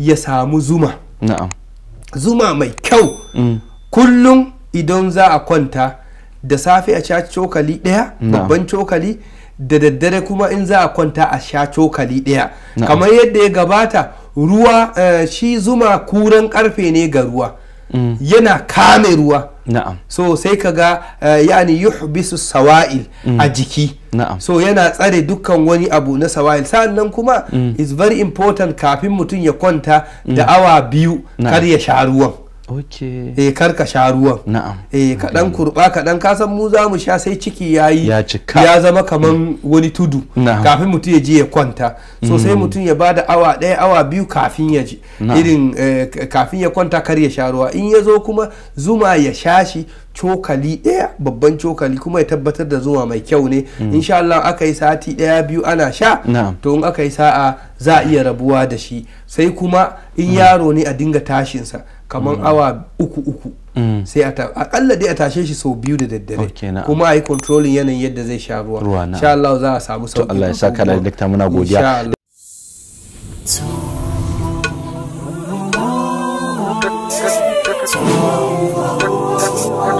ya samu zuma zuma mai kyau mm. kullum idan za a kwanta da safe a sha cokali ɗaya babban cokali da daddare kuma in za a kwanta a sha cokali daya kamar yadda ya gabata ruwa eh, shi zuma kuran karfe ne ga ruwa Mm. yana kame ruwa na'am so sai ka ga eh, yani yuhbisu sawa'il mm. a jiki na'am so yana tsare dukkan wani abu na sawa'il sannan kuma mm. is very important kafin mutum ya kwanta da awa biyu kar ya sha ruwan okay. e, kar ka sha ruwan na'am kaɗan eh, ka dan kurba ka mu za mu sha sai ciki yayi ya cika ya zama kaman mm. wani tudu kafin mutum ya je ya kwanta so sai mm. mutum ya bada awa ɗaya awa biyu kafin ya ji irin eh, kafin ya kwanta kar ya sha ruwa in ya zo kuma zuma ya sha shi cokali ɗaya babban cokali kuma ya tabbatar da zuwa mai kyau ne mm. insha Allah aka yi sati ɗaya biyu ana sha to in aka yi sa'a za a iya rabuwa da shi sai kuma in mm. yaro ne a dinga tashinsa kamar mm. awa uku uku sai a akalla dai a tashe shi sau biyu da daddare kuma a yi controlling yanayin yadda zai sha ruwa insha Allah za a samu sauki Allah ya saka da muna godiya Oh